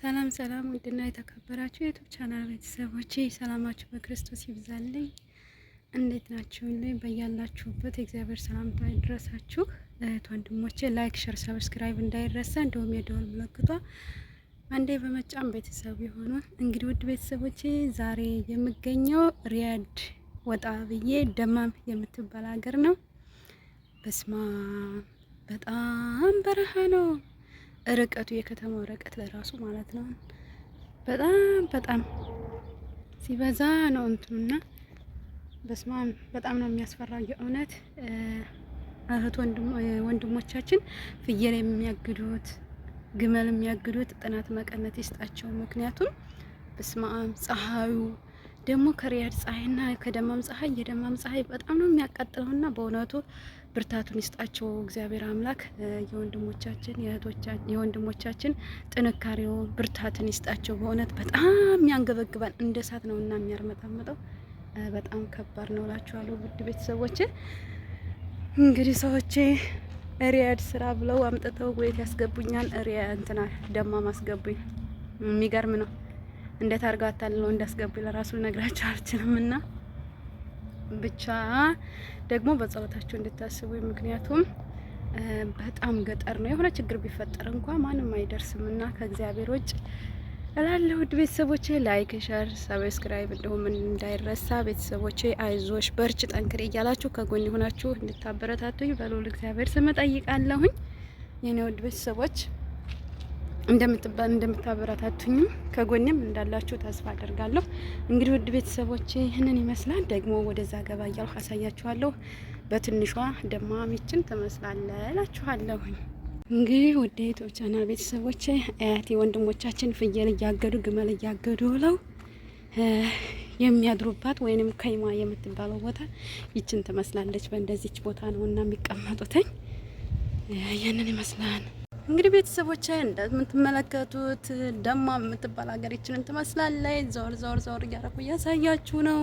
ሰላም ሰላም፣ ውድና የተከበራችሁ የዩቱብ ቻናል ቤተሰቦቼ ሰላማችሁ በክርስቶስ ይብዛልኝ። እንዴት ናችሁ? ላይ በያላችሁበት የእግዚአብሔር ሰላምታ ይድረሳችሁ። እህት ወንድሞቼ፣ ላይክ፣ ሸር፣ ሰብስክራይብ እንዳይረሳ እንዲሁም የደወል ምልክቷ አንዴ በመጫን ቤተሰብ የሆኑ እንግዲህ ውድ ቤተሰቦቼ ዛሬ የምገኘው ሪያድ ወጣ ብዬ ደማም የምትባል ሀገር ነው። በስማ በጣም በረሃ ነው ርቀቱ የከተማው ርቀት ለራሱ ማለት ነው። በጣም በጣም ሲበዛ ነው እንትኑና በስማም በጣም ነው የሚያስፈራው። የእውነት እህት ወንድሞቻችን ፍየል የሚያግዱት ግመል የሚያግዱት ጥናት መቀነት ይስጣቸው። ምክንያቱም በስማም ፀሐዩ ደግሞ ከሪያድ ፀሐይና ከደማም ፀሐይ የደማም ፀሐይ በጣም ነው የሚያቃጥለውና በእውነቱ ብርታቱን ይስጣቸው እግዚአብሔር አምላክ የወንድሞቻችን የወንድሞቻችን ጥንካሬው ብርታትን ይስጣቸው። በእውነት በጣም የሚያንገበግበን እንደ እሳት ነውና የሚያርመጠምጠው በጣም ከባድ ነው እላችኋለሁ ውድ ቤተሰቦቼ። እንግዲህ ሰዎቼ ሪያድ ስራ ብለው አምጥተው ወይት ያስገቡኛል። ሪያ እንትና ደማም አስገቡኝ። የሚገርም ነው። እንዴት አድርጋ አታልለው እንዳስገቡ ለራሱ ነግራቸው አልችልም። እና ብቻ ደግሞ በጸሎታቸው እንድታስቡ፣ ምክንያቱም በጣም ገጠር ነው። የሆነ ችግር ቢፈጠር እንኳ ማንም አይደርስም እና ከእግዚአብሔር ውጭ እላለሁ። ውድ ቤተሰቦቼ ላይክ፣ ሸር፣ ሰብስክራይብ እንዲሁም እንዳይረሳ ቤተሰቦቼ፣ አይዞሽ፣ በርች፣ ጠንክሬ እያላችሁ ከጎን የሆናችሁ እንድታበረታቱኝ በልዑል እግዚአብሔር ስም እጠይቃለሁኝ። የኔ ውድ ቤተሰቦች እንደምታበረታቱኝም ከጎኔም እንዳላችሁ ተስፋ አደርጋለሁ። እንግዲህ ውድ ቤተሰቦች ይህንን ይመስላል። ደግሞ ወደዛ ገባ እያልኩ አሳያችኋለሁ። በትንሿ ደማሚችን ትመስላለህ እላችኋለሁኝ። እንግዲህ ውድ ቤተሰቦች አያቴ ወንድሞቻችን ፍየል እያገዱ ግመል እያገዱ ብለው የሚያድሩባት ወይንም ከይማ የምትባለው ቦታ ይችን ትመስላለች። በእንደዚች ቦታ ነው እና የሚቀመጡትኝ። ይህንን ይመስላል። እንግዲህ ቤተሰቦች እንደምትመለከቱት ደማ የምትባል ሀገራችንን ትመስላለች። ዞር ዞር ዞር እያረኩ እያሳያችሁ ነው።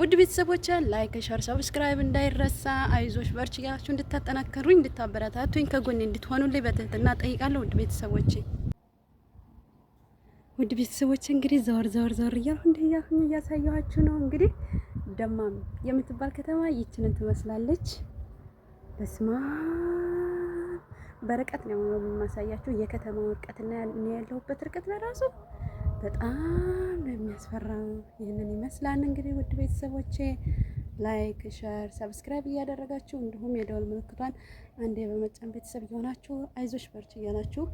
ውድ ቤተሰቦች ላይክ፣ ሸር፣ ሰብስክራይብ እንዳይረሳ። አይዞች በርች እያላችሁ እንድታጠናከሩኝ እንድታበረታቱኝ ከጎኔ እንድትሆኑልኝ በትህትና ጠይቃለሁ። ውድ ቤተሰቦች ውድ ቤተሰቦች እንግዲህ ዞር ዞር ዞር እያልኩ እንዲህ እያልኩኝ እያሳያችሁ ነው። እንግዲህ ደማም የምትባል ከተማ ይችንን ትመስላለች። በስማ በርቀት ነው የማሳያችሁ የከተማው እርቀት እና ያለሁበት እርቀት ለራሱ በጣም የሚያስፈራ ይህንን ይመስላል እንግዲህ ውድ ቤተሰቦቼ ላይክ፣ ሸር፣ ሰብስክራይብ እያደረጋችሁ እንዲሁም የደወል ምልክቷን አንዴ በመጫን ቤተሰብ እየሆናችሁ አይዞሽ በርች እያላችሁ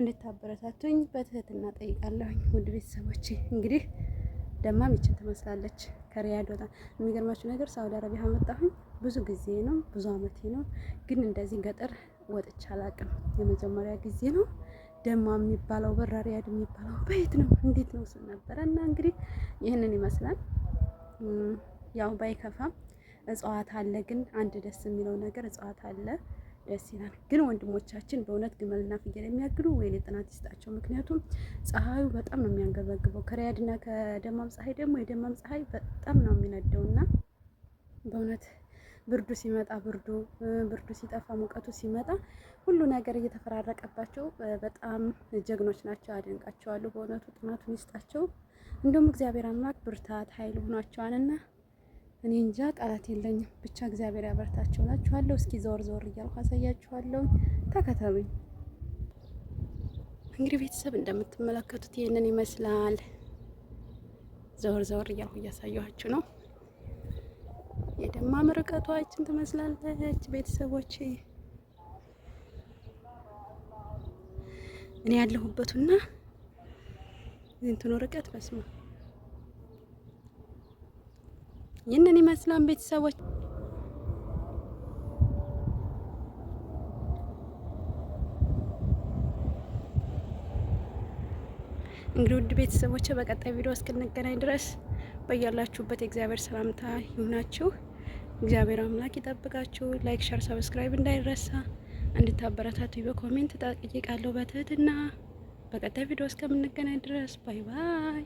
እንድታበረታቱኝ በትህትና ጠይቃለሁኝ። ውድ ቤተሰቦቼ እንግዲህ ደማም ይችን ትመስላለች ከሪያድ ወጣ። የሚገርማችሁ ነገር ሳውዲ አረቢያ መጣሁኝ ብዙ ጊዜ ነው፣ ብዙ አመቴ ነው። ግን እንደዚህ ገጠር ወጥቼ አላቅም። የመጀመሪያ ጊዜ ነው። ደማ የሚባለው በራሪያድ የሚባለው በየት ነው እንዴት ነው ስል ነበረ። እና እንግዲህ ይህንን ይመስላል። ያው ባይከፋም እጽዋት አለ። ግን አንድ ደስ የሚለው ነገር እጽዋት አለ፣ ደስ ይላል። ግን ወንድሞቻችን በእውነት ግመልና ፍየል የሚያግዱ ወይኔ ጥናት ይስጣቸው። ምክንያቱም ፀሐዩ በጣም ነው የሚያንገበግበው። ከሪያድና ከደማም ፀሐይ ደግሞ የደማም ፀሐይ በጣም ነው የሚነደውና በእውነት ብርዱ ሲመጣ ብርዱ ብርዱ ሲጠፋ ሙቀቱ ሲመጣ ሁሉ ነገር እየተፈራረቀባቸው በጣም ጀግኖች ናቸው። አደንቃቸዋለሁ በእውነቱ ጥናቱን ይስጣቸው። እንደውም እግዚአብሔር አምላክ ብርታት ኃይል ሆኗቸዋልና እኔ እንጃ ቃላት የለኝም። ብቻ እግዚአብሔር ያበርታቸው እላችኋለሁ። እስኪ ዘወር ዘወር እያልኩ አሳያችኋለሁ። ተከተሉኝ። እንግዲህ ቤተሰብ እንደምትመለከቱት ይህንን ይመስላል። ዘወር ዘወር እያልኩ እያሳየኋችሁ ነው። የደማም ምርቀቷችን ትመስላለች። ቤተሰቦች እኔ ያለሁበቱና እንትኑ ርቀት በስማ ይህንን ይመስላል ቤተሰቦች። እንግዲህ ውድ ቤተሰቦች በቀጣይ ቪዲዮ እስክንገናኝ ድረስ በያላችሁበት የእግዚአብሔር ሰላምታ ይሁናችሁ። እግዚአብሔር አምላክ ይጠብቃችሁ። ላይክ፣ ሸር፣ ሰብስክራይብ እንዳይረሳ እንድታበረታቱ በኮሜንት ጠይቃለሁ በትህትና። በቀጣይ ቪዲዮ እስከምንገናኝ ድረስ ባይ ባይ።